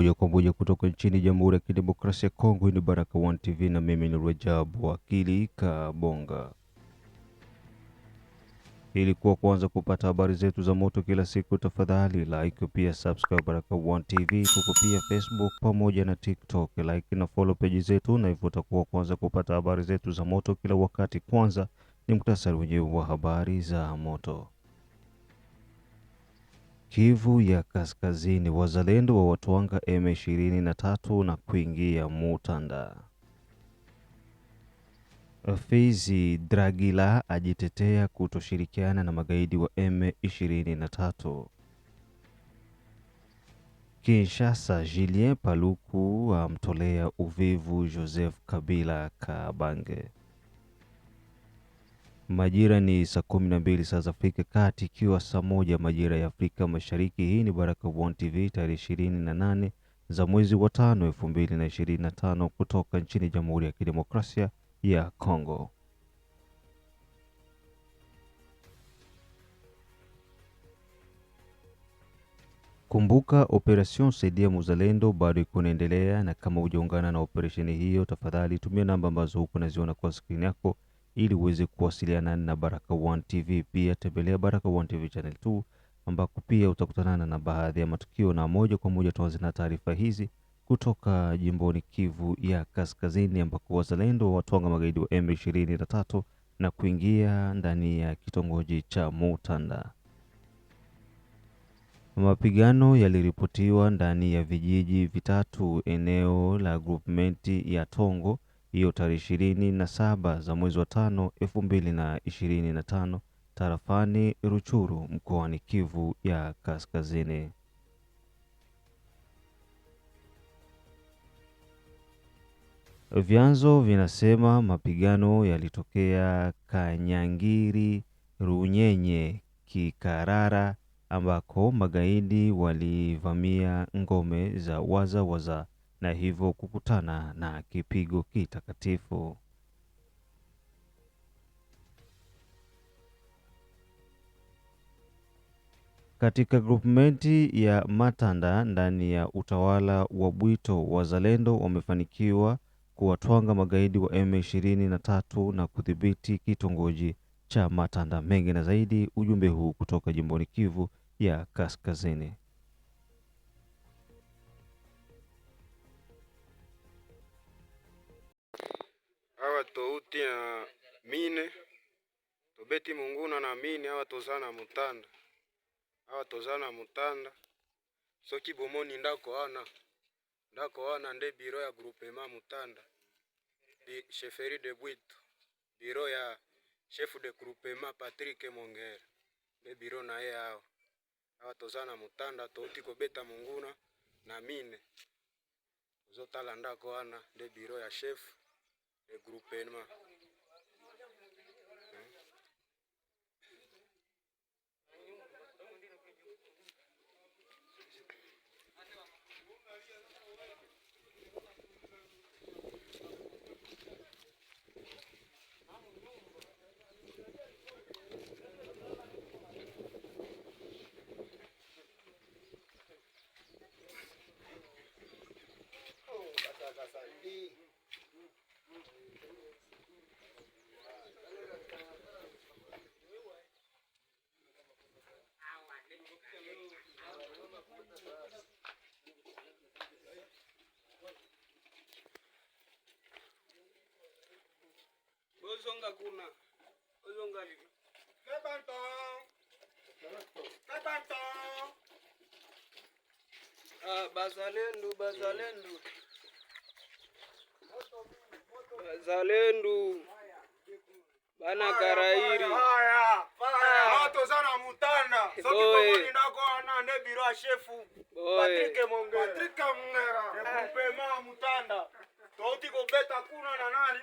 moja kwa moja kutoka nchini Jamhuri ya Kidemokrasia ya Kongo. Hii ni Baraka One TV na mimi ni Rajabu Wakili Kabonga. Ili kuwa kwanza kupata habari zetu za moto kila siku, tafadhali like, pia subscribe Baraka One TV. Tuko pia Facebook pamoja na TikTok, like na follow page zetu, na hivyo utakuwa kwanza kupata habari zetu za moto kila wakati. Kwanza ni muktasari wenyewe wa habari za moto. Kivu ya Kaskazini, wazalendo wa watwanga M23 na kuingia Mutanda. Fizi Dragila ajitetea kutoshirikiana na magaidi wa M23. Kinshasa, Julien Paluku amtolea uvivu Joseph Kabila Kabange. Majira ni saa kumi na mbili saa za Afrika Kati, ikiwa saa moja majira ya Afrika Mashariki. Hii ni Baraka1 TV tarehe ishirini na nane za mwezi wa tano elfu mbili na ishirini na tano kutoka nchini Jamhuri ya Kidemokrasia ya Kongo. Kumbuka operation saidia muzalendo bado kunaendelea, na kama hujaungana na operesheni hiyo, tafadhali tumia namba ambazo huko naziona kwa skrini yako ili uweze kuwasiliana na baraka One TV. Pia tembelea baraka One TV channel 2 ambako pia utakutana na baadhi ya matukio, na moja kwa moja tuanze na taarifa hizi kutoka jimboni Kivu ya Kaskazini, ambako wazalendo watwanga magaidi wa M23 na kuingia ndani ya kitongoji cha Mutanda. Mapigano yaliripotiwa ndani ya vijiji vitatu eneo la groupmenti ya Tongo hiyo tarehe ishirini na saba za mwezi wa tano elfu mbili na ishirini na tano tarafani Ruchuru mkoani Kivu ya Kaskazini. Vyanzo vinasema mapigano yalitokea Kanyangiri, Runyenye, Kikarara ambako magaidi walivamia ngome za wazawaza waza na hivyo kukutana na kipigo kitakatifu. Katika grupmenti ya Matanda ndani ya utawala wa Bwito, wazalendo wamefanikiwa kuwatwanga magaidi wa M23 na kudhibiti kitongoji cha Matanda. Mengi na zaidi, ujumbe huu kutoka jimboni Kivu ya Kaskazini. beti ya mine tobeti munguna na mine awa toza na mutanda awa toza na mutanda soki bomoni ndako wana ndako wana nde biro ya groupement mutanda Bi chefferie de Bwito biro ya chef de groupement Patrick mongere nde biro na ye awa awa toza na mutanda touti kobeta munguna na mine ozotala ndako wana nde biro ya chef de groupement hakuna hiyo kabanto kabanto ah, bazalendu bazalendu bazalendu bana karairi bato za na mutanda soki bomoni ndako wana nde biro ya shefu mongera patrike mongera epupema mutanda touti kobeta kuna na nani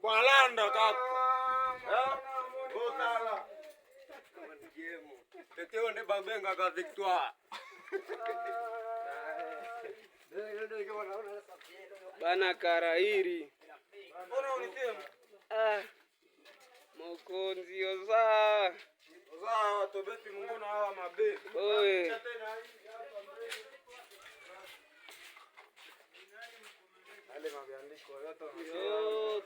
kwalanda kako otala teteo nde babengaka victoire bana karairi ah, mokonzi oza oza tobeti munguna awa mabe oye ale mabea Coyote.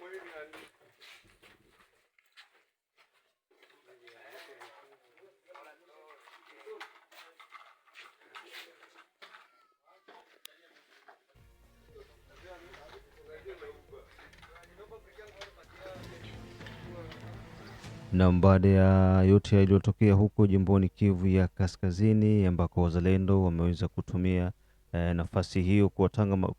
Coyote. Na baada ya yote yaliyotokea huko jimboni Kivu ya Kaskazini, ambako wazalendo wameweza kutumia eh, nafasi hiyo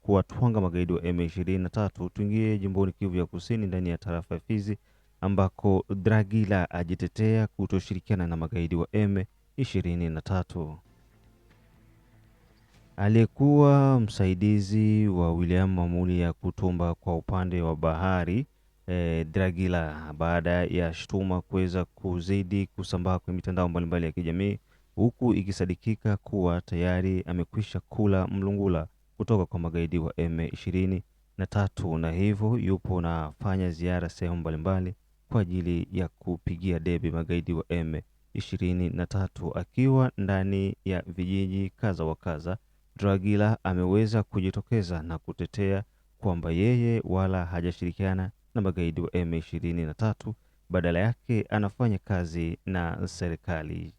kuwatwanga magaidi wa M23, tuingie jimboni Kivu ya Kusini ndani ya tarafa ya Fizi ambako Dragila ajitetea kutoshirikiana na magaidi wa M23. Aliyekuwa msaidizi wa William Mamuli ya Kutumba kwa upande wa bahari eh, Dragila baada ya shutuma kuweza kuzidi kusambaa kwenye mitandao mbalimbali ya kijamii huku ikisadikika kuwa tayari amekwisha kula mlungula kutoka kwa magaidi wa M23 na hivyo yupo nafanya ziara sehemu mbalimbali kwa ajili ya kupigia debe magaidi wa M23 akiwa ndani ya vijiji kadha wa kadha. Dragila ameweza kujitokeza na kutetea kwamba yeye wala hajashirikiana na magaidi wa M23, badala yake anafanya kazi na serikali.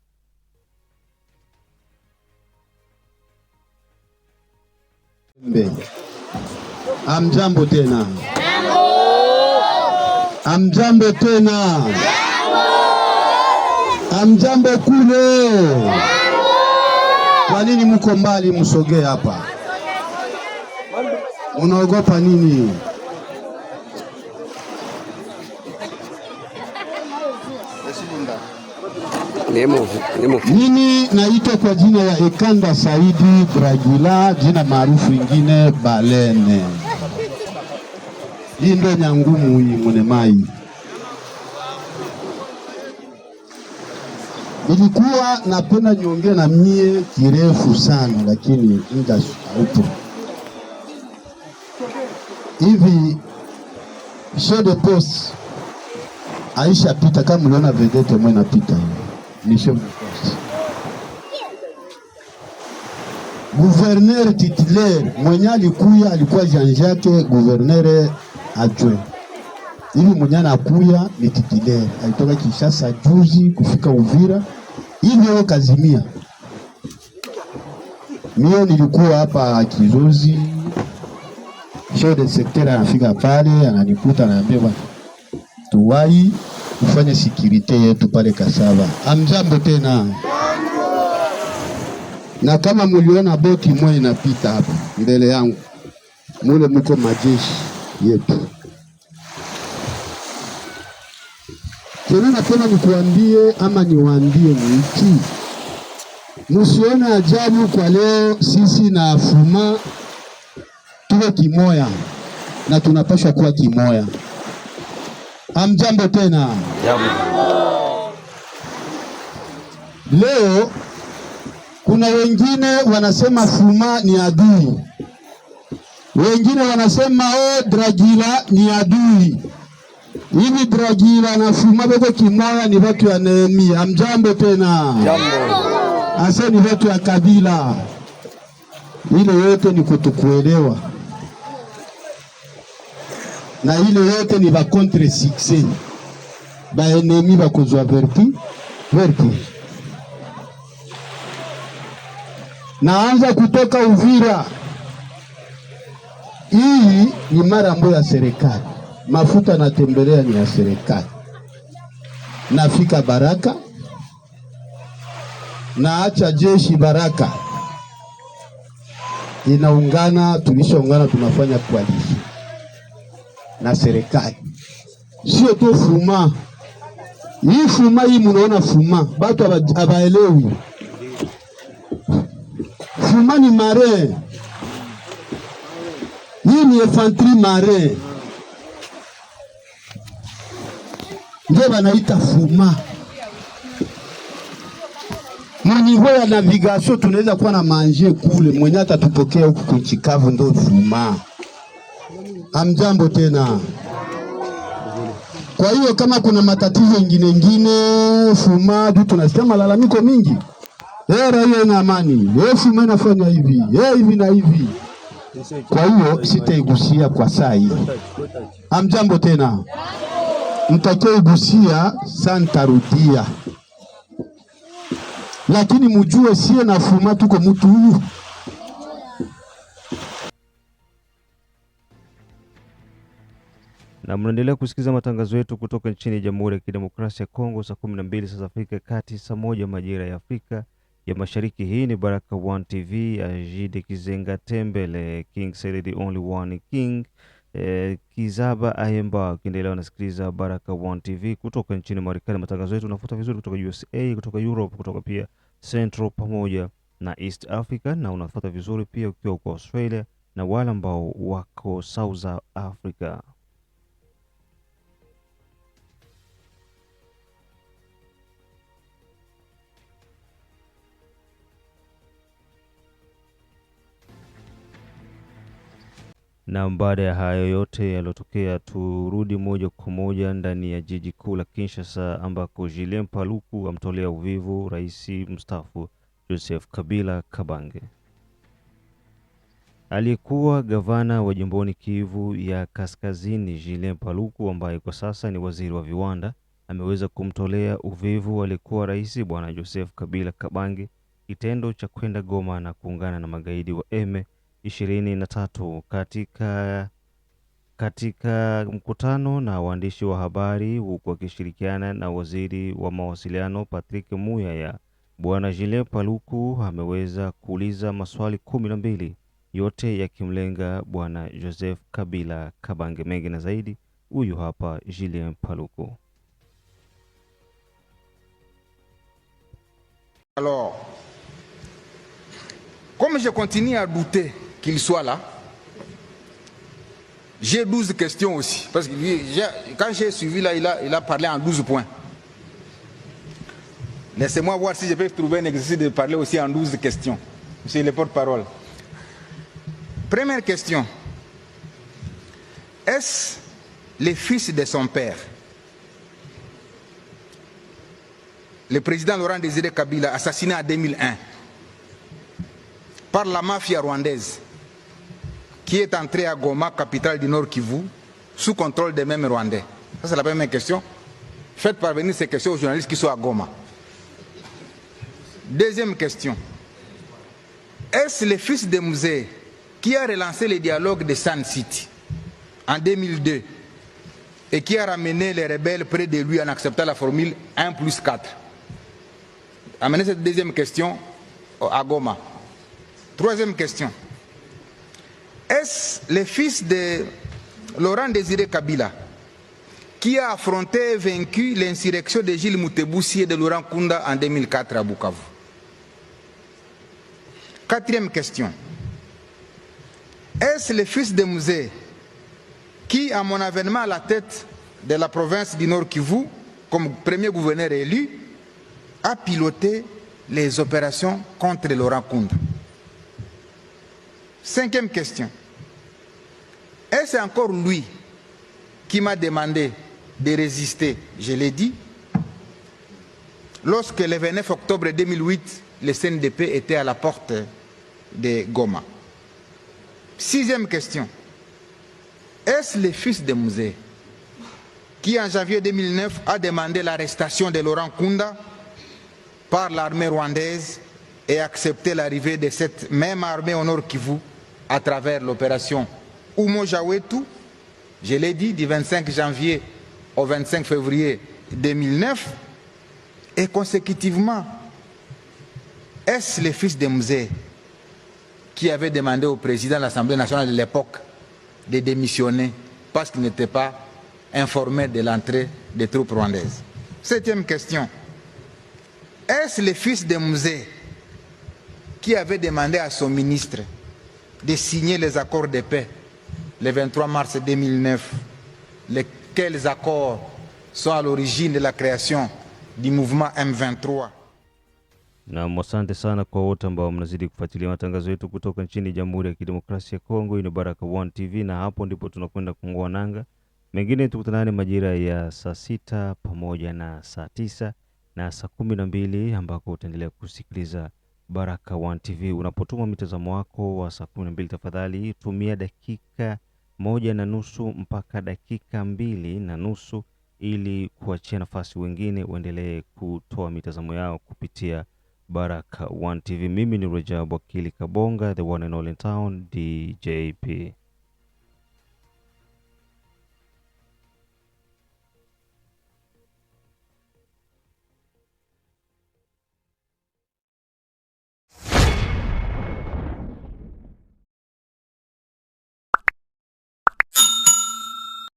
Amjambo tena, amjambo tena, amjambo kule. Kwa nini mko mbali? Msogee hapa. Unaogopa nini? Mimi naitwa kwa jina ya Ekanda Saidi Bragula, jina maarufu ingine Balene. Hii ndo nyangumu hii mai Nilikuwa napenda niongee na mie kirefu sana, lakini muda haupo. Hivi show de post aisha pita, kama mliona vedete mwenapita hivi Michel Mukasa, guverner titulaire mwenye alikuya alikuwa Jean Jacques guverner adjoint. Hivi mwenye anakuya ni titulaire, alitoka Kishasa juzi kufika Uvira. Hivyo Kazimia mio nilikuwa hapa Kizozi, chef de secteur anafika pale ananikuta, ananiambia bwana tuwai ufanye sikirite yetu pale Kasava. Amjambo tena na kama muliona boti moja inapita hapa mbele yangu, mule muko majeshi yetu. Tena na tena nikuambie ama niwaambie mtu, musione ajabu kwa leo. Sisi na afuma tuwe kimoya na tunapashwa kuwa kimoya. Amjambo tena. Jambo. Leo kuna wengine wanasema fuma ni adui, wengine wanasema o oh, dragila ni adui. Hivi dragila na fuma veko kimoya, ni watu ya Nehemia. Amjambo tena. Jambo. Ase ni watu ya kabila ile, yote ni kutukuelewa na ile yote ni ba contre succès ba ennemi bakozwa vertu vertu. Naanza kutoka Uvira, hii ni marambo ya serikali, mafuta natembelea ni ya serikali. Nafika Baraka, naacha jeshi Baraka, inaungana tulishaungana, tunafanya koalisio na serikali, sio tu fuma hii fuma hii munaona fuma, batu abaelewi fuma ni mare, hii ni infantry mare, ndio banaita fuma. Mwenyewe ya navigation tunaweza kuwa na manje kule mwenye atatupokea huku kunchikavu, ndo fuma Hamjambo tena. Kwa hiyo kama kuna matatizo ingine ingine fuma tu, tunasikia malalamiko mingi e, raia ina amani e, fuma inafanya hivi e, hivi na hivi. Kwa hiyo sitaigusia kwa saa hii. Hamjambo tena, mtakioigusia saa nitarudia, lakini mujue sie na fuma tuko mtu huyu na mnaendelea kusikiliza matangazo yetu kutoka nchini Jamhuri ya Kidemokrasia ya Kongo, saa kumi na mbili saa za Afrika Kati, saa moja majira ya Afrika ya Mashariki. Hii ni Baraka One TV. Ajide Kizenga Tembele, King Said the only one king Eh, Kizaba Ayemba kiendelea unasikiliza Baraka One TV kutoka nchini Marekani. Matangazo yetu unafuata vizuri kutoka USA, kutoka Europe, kutoka pia Central pamoja na East Africa, na unafuata vizuri pia ukiwa uko Australia na wale ambao wako South Africa. Na baada ya hayo yote yaliyotokea, turudi moja kwa moja ndani ya jiji kuu la Kinshasa ambako Julien Paluku amtolea uvivu rais mstaafu Joseph Kabila Kabange. Aliyekuwa gavana wa jimboni Kivu ya Kaskazini, Julien Paluku ambaye kwa sasa ni waziri wa viwanda, ameweza kumtolea uvivu aliyekuwa rais bwana Joseph Kabila Kabange kitendo cha kwenda Goma na kuungana na magaidi wa Eme ishirini na tatu katika katika mkutano na waandishi wa habari huku akishirikiana na waziri wa mawasiliano Patrick Muyaya, Bwana Julien Paluku ameweza kuuliza maswali kumi na mbili yote yakimlenga Bwana Joseph Kabila Kabange. Mengi na zaidi, huyu hapa Julien Paluku. Alors, comme je continue à douter qu'il soit là. J'ai 12 questions aussi, parce que quand j'ai suivi là, il a, il a parlé en 12 points. Laissez-moi voir si je peux trouver un exercice de parler aussi en 12 questions. Monsieur le porte-parole. Première question. Est-ce le fils de son père Le président Laurent Désiré Kabila, assassiné en 2001 par la mafia rwandaise, qui est entré à Goma, capitale du Nord Kivu, sous contrôle des mêmes Rwandais Ça, c'est la première question. Faites parvenir ces questions aux journalistes qui sont à Goma. Deuxième question. Est-ce le fils de Musée qui a relancé le dialogue de San City en 2002 et qui a ramené les rebelles près de lui en acceptant la formule 1 plus 4 Amenez cette deuxième question à Goma. Troisième question. Est-ce le fils de Laurent Désiré Kabila qui a affronté et vaincu l'insurrection de Gilles Mouteboussi et de Laurent Kunda en 2004 à Bukavu Quatrième question. Est-ce le fils de Mouzé qui, à mon avènement à la tête de la province du Nord Kivu, comme premier gouverneur élu, a piloté les opérations contre Laurent Kunda Cinquième question. Est-ce encore lui qui m'a demandé de résister Je l'ai dit. Lorsque le 29 octobre 2008, le CNDP était à la porte de Goma. Sixième question. Est-ce le fils de Mouzé, qui, en janvier 2009, a demandé l'arrestation de Laurent Kunda par l'armée rwandaise et accepté l'arrivée de cette même armée au nord Kivu à travers l'opération Umoja je l'ai dit, du 25 janvier au 25 février 2009, et consécutivement, est-ce le fils de Musée qui avait demandé au président de l'Assemblée nationale de l'époque de démissionner parce qu'il n'était pas informé de l'entrée des troupes rwandaises Septième question. Est-ce le fils de Musée qui avait demandé à son ministre de signer les accords de paix le 23 mars 2009, lesquels accords sont à l'origine de la création du mouvement M23. Nam, asante sana kwa wote ambao mnazidi kufuatilia matangazo yetu kutoka nchini Jamhuri ya Kidemokrasia ya Kongo. Hii ni Baraka One TV, na hapo ndipo tunakwenda kung'oa nanga. Mengine tukutanane majira ya saa sita pamoja na saa tisa na saa kumi na mbili ambako utaendelea kusikiliza Baraka One TV. Unapotuma mtazamo wako wa saa kumi na mbili, tafadhali tumia dakika moja na nusu mpaka dakika mbili na nusu ili kuachia nafasi wengine waendelee kutoa mitazamo yao kupitia Baraka One TV. Mimi ni Rajab Wakili Kabonga, the one and all in town, DJP.